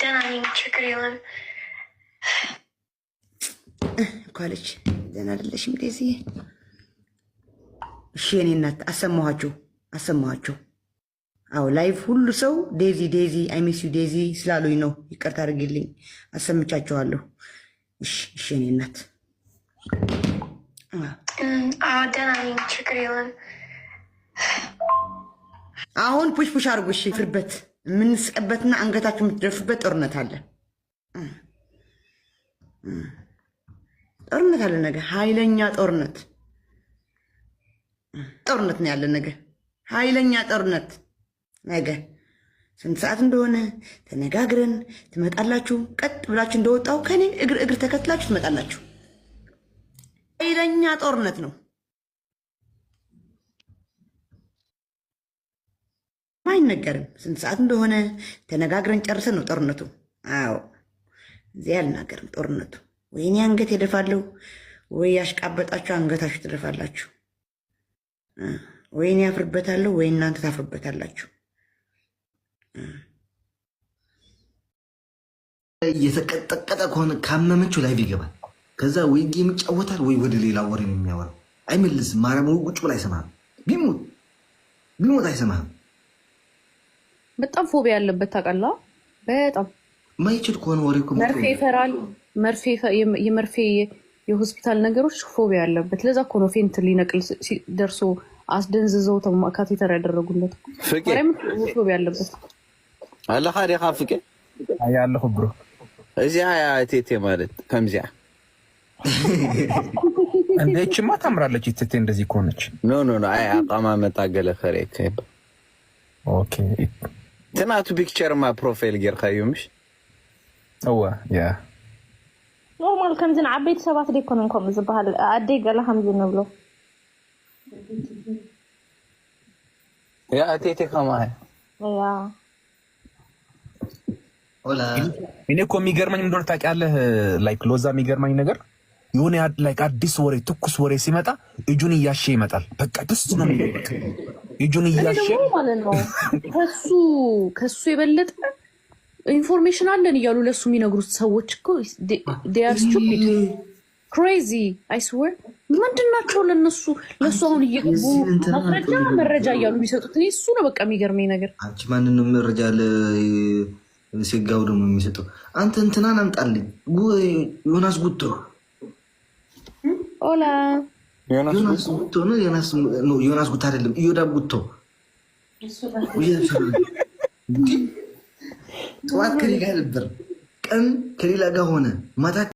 ደህና ነኝ። ችግር የለም እኮ ደህና አይደለሽም ዴዚ? እሺ የእኔ እናት አሰማኋችሁ፣ አሰማኋችሁ። አዎ ላይቭ ሁሉ ሰው ዴዚ ዴዚ አይ ዩ ዴዚ ስላሉኝ ነው። ይቅርታ አድርጊልኝ፣ አሰምቻችኋለሁ። እሺ እሺ የእኔ እናት ደህና ነኝ። ችግር የለም አሁን ፑሽ ፑሽ አድርጉ። እሺ ፍርበት የምንስቅበትና አንገታችሁ የምትደርሱበት ጦርነት አለ፣ ጦርነት አለ። ነገ ኃይለኛ ጦርነት ጦርነት ነው ያለ። ነገ ኃይለኛ ጦርነት ነገ ስንት ሰዓት እንደሆነ ተነጋግረን ትመጣላችሁ። ቀጥ ብላችሁ እንደወጣው ከኔ እግር እግር ተከትላችሁ ትመጣላችሁ። ኃይለኛ ጦርነት ነው። አይነገርም። ስንት ሰዓት እንደሆነ ተነጋግረን ጨርሰን ነው ጦርነቱ። አዎ እዚህ አልናገርም። ጦርነቱ ወይኔ አንገት የደፋለሁ ወይ ያሽቃበጣችሁ አንገታችሁ ትደፋላችሁ። ወይኔ ያፍርበታለሁ ወይ እናንተ ታፍርበታላችሁ። እየተቀጠቀጠ ከሆነ ካመመችው ላይቭ ይገባል። ከዛ ወይ ጌም ይጫወታል ወይ ወደ ሌላ ወሬ ነው የሚያወራው። አይመልስም። ቁጭ ብላ አይሰማህም። ቢሞት ቢሞት አይሰማህም። በጣም ፎቢያ ያለበት ታውቃለህ። በጣም ማይችል ከሆነ ወሬ መርፌ ይፈራል። መርፌ የመርፌ የሆስፒታል ነገሮች ፎቢያ ያለበት ለዛ እኮ ፌንት ሊነቅል ደርሶ አስደንዝዘው ካቴተር ያደረጉለት ፎቢያ ያለበት ኣለካ ዲኻ ፍቄ ያለሁ ብሮ እዚኣ ቴቴ ማለት ከምዚኣ እንደችማ ታምራለች ቴቴ እንደዚህ ከሆነች ኖ ኖ ኖ አይ ኣቀማመጣ ገለ ከሬ ይባ ኦኬ تناتو بيكتشر ፕሮፋይል ጌርካ እዩ ምሽ هو ያ ኖርማል ከምዝን ዓበይቲ ሰባት ደይኮነ ከምኡ ዝበሃል ኣደይ ገለ ከምዚ ንብሎ ያ እቴቴ ከማ ያ እኔ እኮ የሚገርመኝ እንደሆነ ታውቂያለህ ላይክ ሎዛ የሚገርመኝ ነገር የሆነ ላይ አዲስ ወሬ ትኩስ ወሬ ሲመጣ እጁን እያሸ ይመጣል። በቃ ደስ ነው የሚለው እጁን እያሸ ማለት ነው። ከሱ ከሱ የበለጠ ኢንፎርሜሽን አለን እያሉ ለሱ የሚነግሩት ሰዎች እኮ ዴር ስቱፒድ ክሬዚ አይስወር ምንድን ናቸው ለነሱ ለሱ አሁን እየገቡ መረጃ መረጃ እያሉ የሚሰጡት እኔ እሱ ነው በቃ የሚገርመኝ ነገር። አንቺ ማንንም መረጃ ለሴጋው ደግሞ የሚሰጠው አንተ እንትናን አምጣልኝ ዮናስ ጉት ዮናስ ጉቶ ነው። ዮናስ ጉቶ አይደለም፣ ኢዮዳብ ጉቶ። ጠዋት ከሌላ ነበር፣ ቀን ከሌላ ጋር ሆነ፣ ማታ